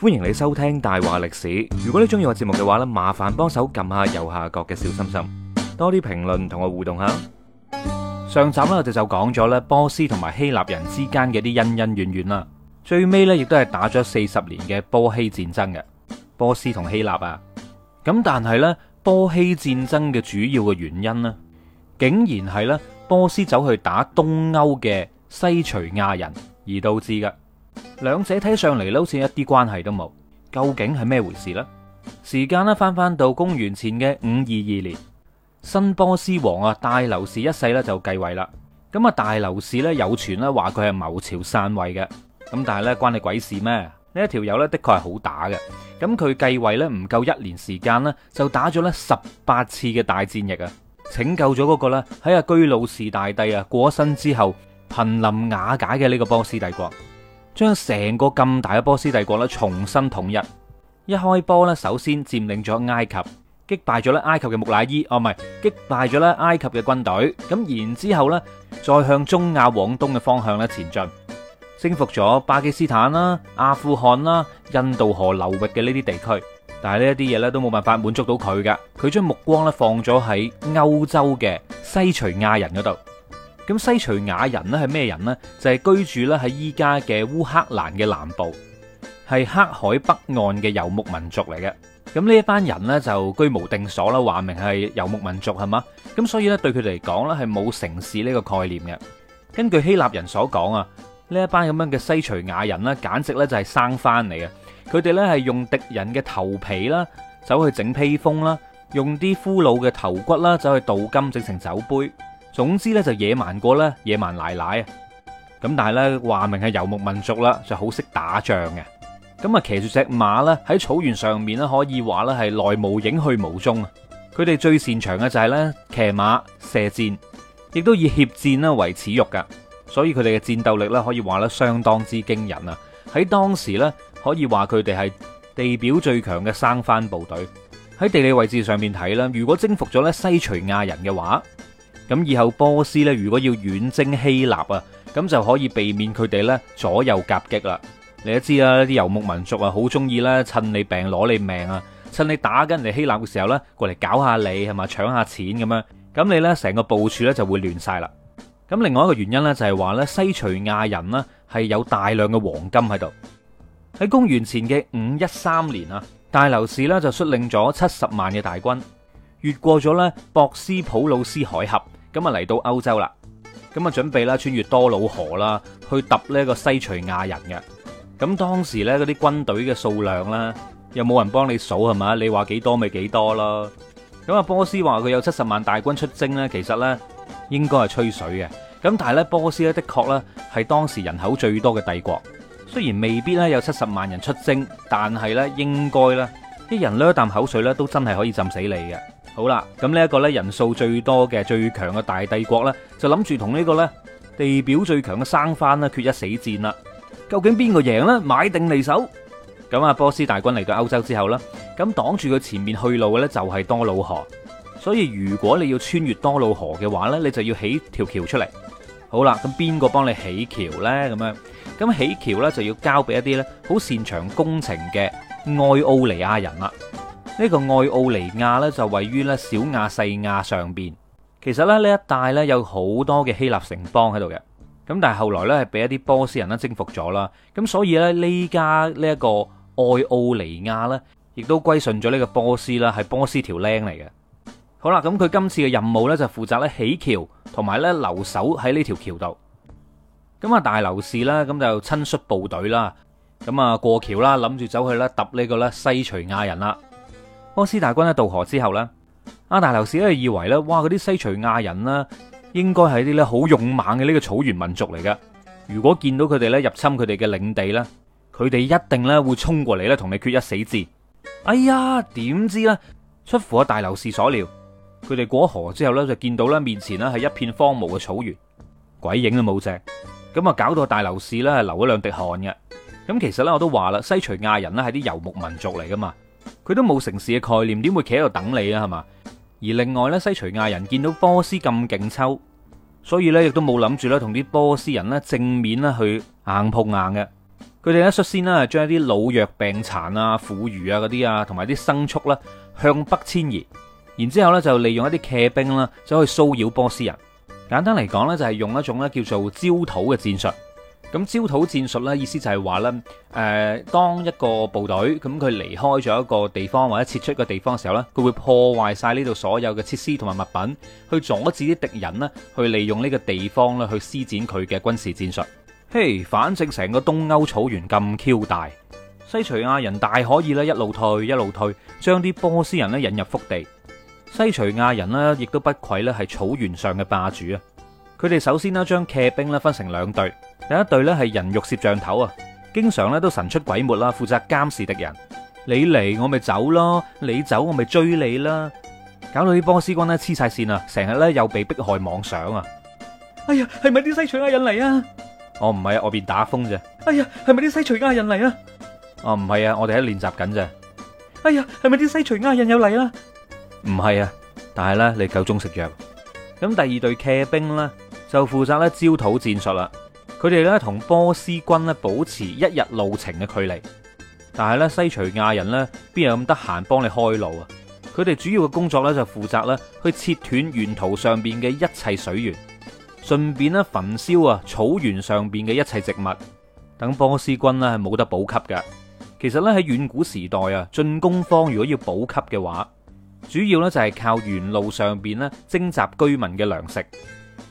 歡迎你收聽大話歷史。如果你中意我節目嘅話呢，麻煩幫手撳下右下角嘅小心心，多啲評論同我互動下。上集咧，我哋就講咗咧波斯同埋希臘人之間嘅啲恩恩怨怨啦。最尾呢，亦都係打咗四十年嘅波希戰爭嘅波斯同希臘啊。咁但係呢，波希戰爭嘅主要嘅原因呢，竟然係呢波斯走去打東歐嘅西徐亞人而導致嘅。兩者睇上嚟，好似一啲關係都冇，究竟係咩回事呢？時間呢，翻翻到公元前嘅五二二年，新波斯王啊大流士一世呢，就繼位啦。咁啊大流士呢，有傳呢話佢係謀朝篡位嘅，咁但係呢，關你鬼事咩？呢一條友呢，的確係好打嘅。咁佢繼位呢，唔夠一年時間呢，就打咗呢十八次嘅大戰役啊，拯救咗嗰個呢，喺阿居魯士大帝啊過身之後瀕臨瓦解嘅呢個波斯帝國。將成個咁大嘅波斯帝國咧，重新統一。一開波咧，首先佔領咗埃及，擊敗咗咧埃及嘅木乃伊，哦唔係，擊敗咗咧埃及嘅軍隊。咁然之後咧，再向中亞往東嘅方向咧前進，征服咗巴基斯坦啦、阿富汗啦、印度河流域嘅呢啲地區。但係呢一啲嘢咧，都冇辦法滿足到佢㗎。佢將目光咧放咗喺歐洲嘅西徐亞人嗰度。咁西徐亞人咧係咩人呢？就係、是、居住咧喺依家嘅烏克蘭嘅南部，係黑海北岸嘅游牧民族嚟嘅。咁呢一班人呢，就居無定所啦，話明係游牧民族係嘛。咁所以咧對佢哋嚟講呢係冇城市呢個概念嘅。根據希臘人所講啊，呢一班咁樣嘅西徐亞人呢，簡直呢就係生番嚟嘅。佢哋呢，係用敵人嘅頭皮啦，走去整披風啦；用啲俘虜嘅頭骨啦，走去鍍金整成酒杯。總之咧就野蠻過咧野蠻奶奶啊！咁但係呢，話明係遊牧民族啦，就好識打仗嘅。咁啊騎住隻馬咧喺草原上面咧，可以話咧係來無影去無蹤啊！佢哋最擅長嘅就係呢騎馬射箭，亦都以協戰咧為恥辱噶。所以佢哋嘅戰鬥力呢，可以話呢相當之驚人啊！喺當時呢，可以話佢哋係地表最強嘅生番部隊。喺地理位置上面睇呢，如果征服咗咧西徐亞人嘅話。咁以後波斯呢，如果要遠征希臘啊，咁就可以避免佢哋咧左右夾擊啦。你都知啦，啲遊牧民族啊，好中意咧，趁你病攞你命啊，趁你打緊你希臘嘅時候呢，過嚟搞下你係嘛？搶下錢咁樣。咁你呢，成個部署呢就會亂晒啦。咁另外一個原因呢，就係話呢，西徐亞人呢係有大量嘅黃金喺度。喺公元前嘅五一三年啊，大流士呢就率領咗七十萬嘅大軍，越過咗呢博斯普魯斯海峽。咁啊嚟到歐洲啦，咁啊準備啦穿越多瑙河啦，去揼呢一個西徐亞人嘅。咁當時呢，嗰啲軍隊嘅數量啦，又冇人幫你數係嘛？你話幾多咪幾多咯。咁啊波斯話佢有七十萬大軍出征呢，其實呢應該係吹水嘅。咁但係呢，波斯呢的確呢係當時人口最多嘅帝國。雖然未必呢有七十萬人出征，但係呢應該呢，一人咧一啖口水呢，都真係可以浸死你嘅。好啦，咁呢一個呢人數最多嘅最強嘅大帝國呢，就諗住同呢個呢地表最強嘅生番呢決一死戰啦。究竟邊個贏呢？買定離手。咁啊，波斯大軍嚟到歐洲之後呢，咁擋住佢前面去路嘅呢，就係多瑙河。所以如果你要穿越多瑙河嘅話呢，你就要起條橋出嚟。好啦，咁邊個幫你起橋呢？咁樣，咁起橋呢，就要交俾一啲呢好擅長工程嘅愛奧尼亞人啦。呢個愛奧尼亞咧，就位於咧小亞細亞上邊。其實咧，呢一帶咧有好多嘅希臘城邦喺度嘅。咁但係後來呢，係俾一啲波斯人咧征服咗啦。咁所以呢，呢家呢一個愛奧尼亞呢，亦都歸順咗呢個波斯啦，係波斯條僆嚟嘅。好啦，咁佢今次嘅任務呢，就負責咧起橋同埋咧留守喺呢條橋度。咁啊，大流士啦，咁就親率部隊啦，咁啊過橋啦，諗住走去咧揼呢個咧西徐亞人啦。波斯大軍咧渡河之後呢，阿大流士咧以為呢，哇，嗰啲西徐亞人呢應該係啲咧好勇猛嘅呢個草原民族嚟噶如果見到佢哋呢，入侵佢哋嘅領地呢，佢哋一定呢會衝過嚟咧同你決一死戰。哎呀，點知呢，出乎阿大流士所料，佢哋過河之後呢，就見到呢，面前呢係一片荒蕪嘅草原，鬼影都冇隻。咁啊，搞到大流士呢係流咗兩滴汗嘅。咁其實呢，我都話啦，西徐亞人呢係啲游牧民族嚟噶嘛。佢都冇城市嘅概念，點會企喺度等你啊？係嘛？而另外咧，西徐亞人見到波斯咁勁抽，所以咧亦都冇諗住咧同啲波斯人呢正面咧去硬碰硬嘅。佢哋咧率先呢將一啲老弱病殘啊、婦孺啊嗰啲啊，同埋啲牲畜啦向北遷移，然之後咧就利用一啲騎兵啦走去騷擾波斯人。簡單嚟講咧，就係用一種咧叫做焦土嘅戰術。咁焦土戰術咧，意思就係話呢誒，當一個部隊咁佢離開咗一個地方或者撤出一個地方嘅時候呢，佢會破壞晒呢度所有嘅設施同埋物品，去阻止啲敵人呢去利用呢個地方呢去施展佢嘅軍事戰術。嘿，hey，反正成個東歐草原咁 Q 大，西徐亞人大可以呢一路退一路退，將啲波斯人呢引入腹地。西徐亞人呢亦都不愧呢係草原上嘅霸主啊！佢哋首先呢將騎兵呢分成兩隊。第一隊咧係人肉攝像頭啊，經常咧都神出鬼沒啦，負責監視敵人。你嚟我咪走咯，你走我咪追你啦，搞到啲波斯軍咧黐晒線啊，成日咧又被迫害妄想啊。哎呀，係咪啲西徐亞人嚟啊？哦，唔係啊，外邊打風啫。哎呀，係咪啲西徐亞人嚟啊？哦，唔係啊，我哋喺練習緊啫。哎呀，係咪啲西徐亞人又嚟啦？唔係啊，但係咧你夠鐘食藥。咁第二隊騎兵咧就負責咧焦土戰術啦。佢哋咧同波斯軍咧保持一日路程嘅距離，但係咧西徐亞人咧邊有咁得閒幫你開路啊？佢哋主要嘅工作咧就負責咧去切斷沿途上邊嘅一切水源，順便咧焚燒啊草原上邊嘅一切植物，等波斯軍咧係冇得補給嘅。其實咧喺遠古時代啊，進攻方如果要補給嘅話，主要咧就係靠沿路上邊咧徵集居民嘅糧食，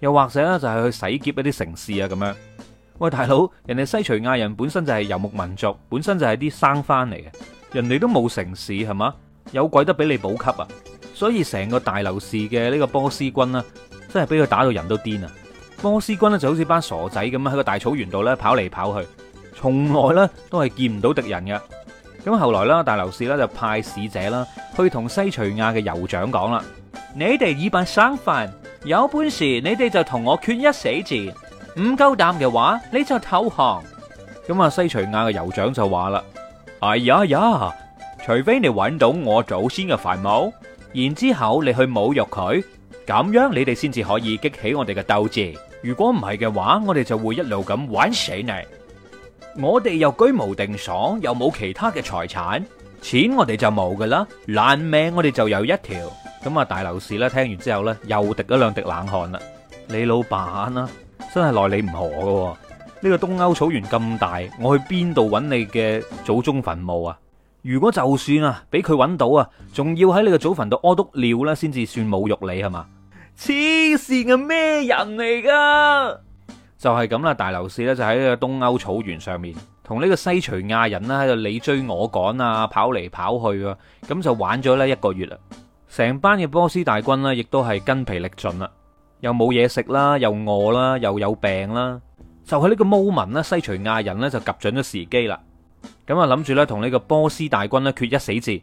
又或者咧就係去洗劫一啲城市啊咁樣。喂，大佬，人哋西徐亞人本身就係游牧民族，本身就係啲生番嚟嘅，人哋都冇城市，係嘛？有鬼得俾你補給啊！所以成個大流士嘅呢個波斯軍啊，真係俾佢打到人都癲啊！波斯軍咧、啊、就好似班傻仔咁樣喺個大草原度呢跑嚟跑去，從來呢都係見唔到敵人嘅。咁後來啦，大流士呢就派使者啦去同西徐亞嘅酋長講啦：，你哋以扮生番，有本事你哋就同我決一死戰。」唔夠膽嘅話，你就投降。咁啊，西徐亞嘅酋長就話啦：，哎呀呀，除非你揾到我祖先嘅墳墓，然之後你去侮辱佢，咁樣你哋先至可以激起我哋嘅鬥志。如果唔係嘅話，我哋就會一路咁玩死你。我哋又居無定所，又冇其他嘅財產，錢我哋就冇噶啦，爛命我哋就有一條。咁啊，大流士咧，聽完之後呢，又滴咗兩滴冷汗啦。你老闆啊！真係耐你唔何噶、啊，呢、這個東歐草原咁大，我去邊度揾你嘅祖宗墳墓啊？如果就算啊，俾佢揾到啊，仲要喺你個祖墳度屙督尿啦，先至算侮辱你係嘛？黐線嘅咩人嚟噶？就係咁啦，大流士咧就喺呢個東歐草原上面，同呢個西徐亞人啦喺度你追我趕啊，跑嚟跑去啊，咁就玩咗呢一個月啦，成班嘅波斯大軍呢，亦都係筋疲力盡啦。又冇嘢食啦，又餓啦，又有病啦，就係呢個 moment 啦，西徐亞人咧就睇準咗時機啦。咁啊諗住咧同呢個波斯大軍咧決一死戰。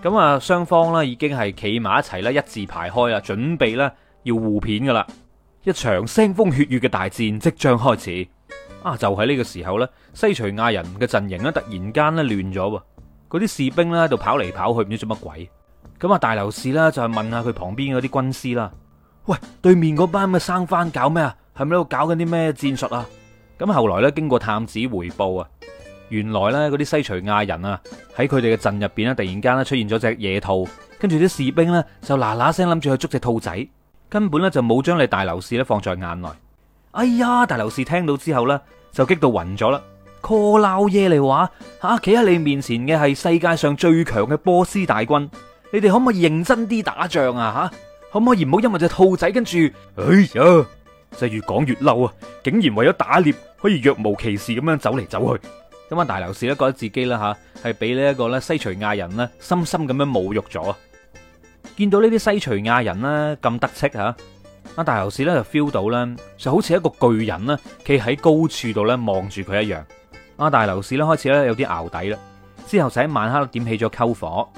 咁啊雙方咧已經係企埋一齊咧一字排開啦，準備咧要互片噶啦，一場腥風血雨嘅大戰即將開始。啊，就喺呢個時候咧，西徐亞人嘅陣營咧突然間咧亂咗喎，嗰啲士兵咧喺度跑嚟跑去唔知做乜鬼。咁啊大流士啦就係問下佢旁邊嗰啲軍師啦。喂，對面嗰班咁嘅生番搞咩啊？係咪喺度搞緊啲咩戰術啊？咁後來咧，經過探子回報啊，原來呢嗰啲西徐亞人啊，喺佢哋嘅陣入邊咧，突然間咧出現咗隻野兔，跟住啲士兵呢就嗱嗱聲諗住去捉隻兔仔，根本呢就冇將你大流士呢放在眼內。哎呀，大流士聽到之後呢就激到暈咗啦！call 嘢嚟話吓，企喺，啊、你面前嘅係世界上最強嘅波斯大軍，你哋可唔可以認真啲打仗啊吓？咁啊！而唔好因為隻兔仔，跟住哎呀，就越講越嬲啊！竟然為咗打獵可以若無其事咁樣走嚟走去。咁啊，大流士咧覺得自己啦吓，係俾呢一個咧西徐亞人咧深深咁樣侮辱咗。見到呢啲西徐亞人咧咁得戚吓，阿大流士咧就 feel 到咧，就好似一個巨人咧企喺高處度咧望住佢一樣。阿大流士咧開始咧有啲淆底啦，之後就喺晚黑點起咗篝火。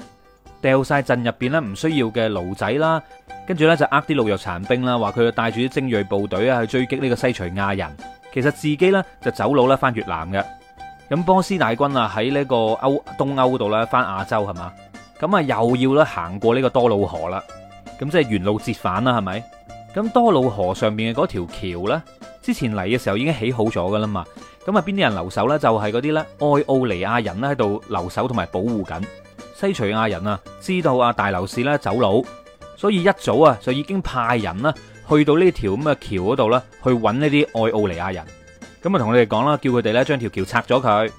掉晒陣入邊咧唔需要嘅奴仔啦，跟住咧就呃啲老弱殘兵啦，話佢要帶住啲精銳部隊啊去追擊呢個西徐亞人，其實自己咧就走佬啦翻越南嘅。咁波斯大軍啊喺呢個歐東歐度咧翻亞洲係嘛，咁啊又要咧行過呢個多瑙河啦，咁即係沿路折返啦係咪？咁多瑙河上面嘅嗰條橋呢，之前嚟嘅時候已經起好咗噶啦嘛，咁啊邊啲人留守呢？就係嗰啲咧愛奧尼亞人啦喺度留守同埋保護緊。西徐亞人啊，知道啊大樓市咧走佬，所以一早啊就已經派人啦去到呢條咁嘅橋嗰度啦，去揾呢啲愛奧尼亞人。咁啊同佢哋講啦，叫佢哋咧將條橋拆咗佢。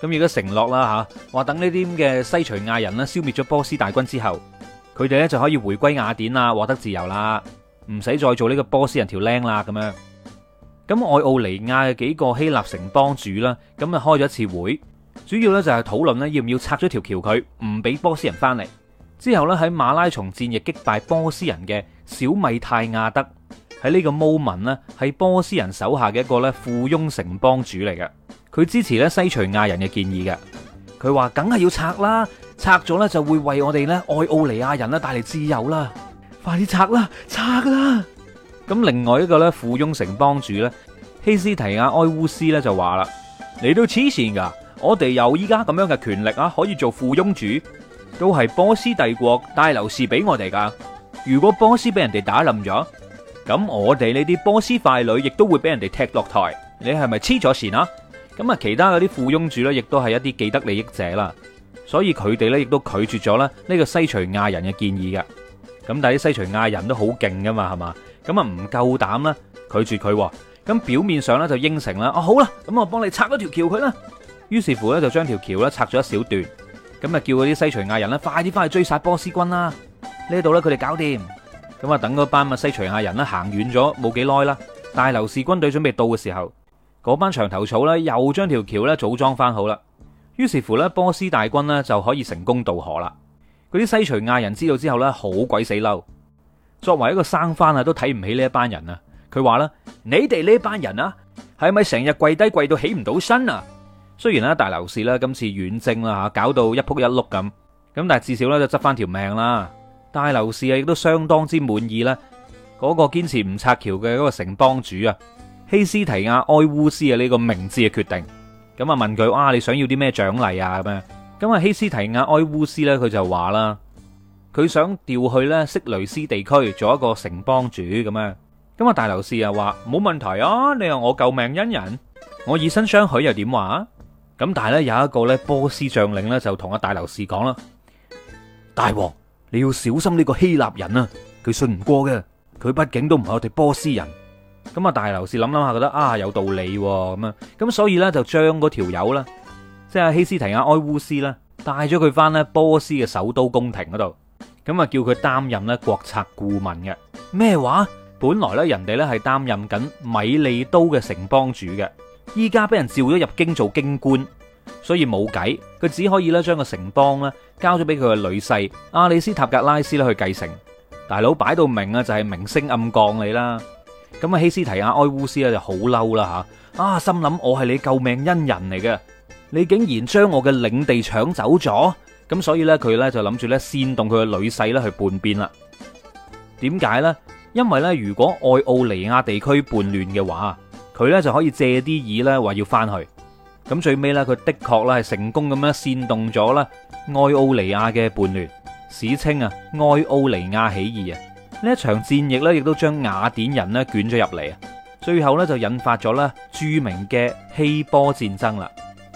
咁亦都承諾啦吓，話等呢啲咁嘅西徐亞人咧消滅咗波斯大軍之後，佢哋咧就可以回歸雅典啦，獲得自由啦，唔使再做呢個波斯人條僆啦咁樣。咁愛奧尼亞嘅幾個希臘城邦主啦，咁啊開咗一次會。主要咧就係討論咧，要唔要拆咗條橋？佢唔俾波斯人翻嚟之後咧，喺馬拉松戰役擊敗波斯人嘅小米泰亞德喺呢個 moment 呢，係波斯人手下嘅一個咧附庸城邦主嚟嘅。佢支持咧西徐亞人嘅建議嘅。佢話梗係要拆啦，拆咗咧就會為我哋咧愛奧尼亞人呢帶嚟自由啦。快啲拆啦，拆㗎啦！咁另外一個咧附庸城邦主咧希斯提亞埃烏斯咧就話啦，嚟到黐線噶。我哋有依家咁樣嘅權力啊，可以做附庸主，都係波斯帝國大流士俾我哋噶。如果波斯俾人哋打冧咗，咁我哋呢啲波斯傀儡亦都會俾人哋踢落台。你係咪黐咗線啊？咁啊，其他嗰啲附庸主咧，亦都係一啲既得利益者啦，所以佢哋咧亦都拒絕咗咧呢個西徐亞人嘅建議噶。咁但係啲西徐亞人都好勁噶嘛，係嘛？咁啊唔夠膽啦，拒絕佢。咁表面上咧就應承啦，哦、啊、好啦，咁我幫你拆咗條橋佢啦。於是乎咧，就將條橋咧拆咗一小段，咁啊叫嗰啲西徐亞人咧快啲翻去追殺波斯軍啦。呢度咧佢哋搞掂，咁啊等嗰班啊西徐亞人咧行遠咗冇幾耐啦，大流士軍隊準備到嘅時候，嗰班牆頭草咧又將條橋咧組裝翻好啦。於是乎咧波斯大軍咧就可以成功渡河啦。嗰啲西徐亞人知道之後咧好鬼死嬲，作為一個生番啊都睇唔起呢一班人啊。佢話啦：你哋呢班人啊，係咪成日跪低跪到起唔到身啊？雖然咧大流士咧今次遠征啦嚇，搞到一仆一碌咁，咁但係至少咧就執翻條命啦。大流士啊亦都相當之滿意啦，嗰個堅持唔拆橋嘅嗰個城邦主啊，希斯提亞埃烏斯啊呢個明智嘅決定。咁啊問佢啊，你想要啲咩獎勵啊咁樣。咁啊希斯提亞埃烏斯咧佢就話啦，佢想調去咧色雷斯地區做一個城邦主咁啊。咁啊大流士又話冇問題啊，你係我救命恩人，我以身相許又點話？咁但係咧有一個咧波斯將領咧就同阿大流士講啦，大王你要小心呢個希臘人啊，佢信唔過嘅，佢畢竟都唔係我哋波斯人。咁啊大流士諗諗下覺得啊有道理咁、哦、啊，咁所以咧就將嗰條友啦，即係阿希斯提亞埃烏斯啦，帶咗佢翻呢波斯嘅首都宮廷嗰度，咁啊叫佢擔任咧國策顧問嘅。咩話麼？本來咧人哋咧係擔任緊米利都嘅城邦主嘅。依家俾人召咗入京做京官，所以冇計，佢只可以咧將個城邦咧交咗俾佢嘅女婿阿里斯塔格拉斯咧去繼承。大佬擺到明啊，就係明升暗降你啦。咁啊，希斯提亞埃烏斯啊就好嬲啦吓，啊心諗我係你救命恩人嚟嘅，你竟然將我嘅領地搶走咗，咁所以呢，佢呢就諗住咧煽動佢嘅女婿咧去叛變啦。點解呢？因為呢，如果愛奧尼亞地區叛亂嘅話。佢咧就可以借啲意咧話要翻去，咁最尾咧佢的確咧係成功咁樣煽動咗咧愛奧尼亞嘅叛亂，史稱啊愛奧尼亞起義啊！呢一場戰役咧亦都將雅典人咧捲咗入嚟啊！最後咧就引發咗咧著名嘅希波戰爭啦。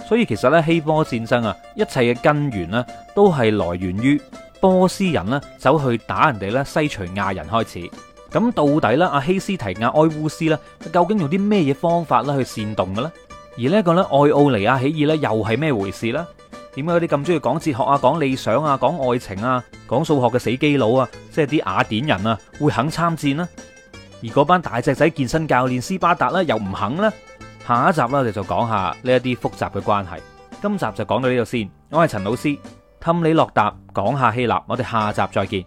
所以其實咧希波戰爭啊，一切嘅根源呢都係來源於波斯人呢走去打人哋咧西徐亞人開始。咁到底啦，阿希斯提亞埃烏斯啦，究竟用啲咩嘢方法啦去煽動嘅咧？而呢一個咧，愛奧尼亞起義咧又係咩回事呢？點解啲咁中意講哲學啊、講理想啊、講愛情啊、講數學嘅死基佬啊，即係啲雅典人啊，會肯參戰呢？而嗰班大隻仔健身教練斯巴達啦，又唔肯呢？下一集啦，我哋就講下呢一啲複雜嘅關係。今集就講到呢度先。我係陳老師，氹你落答，講下希臘，我哋下集再見。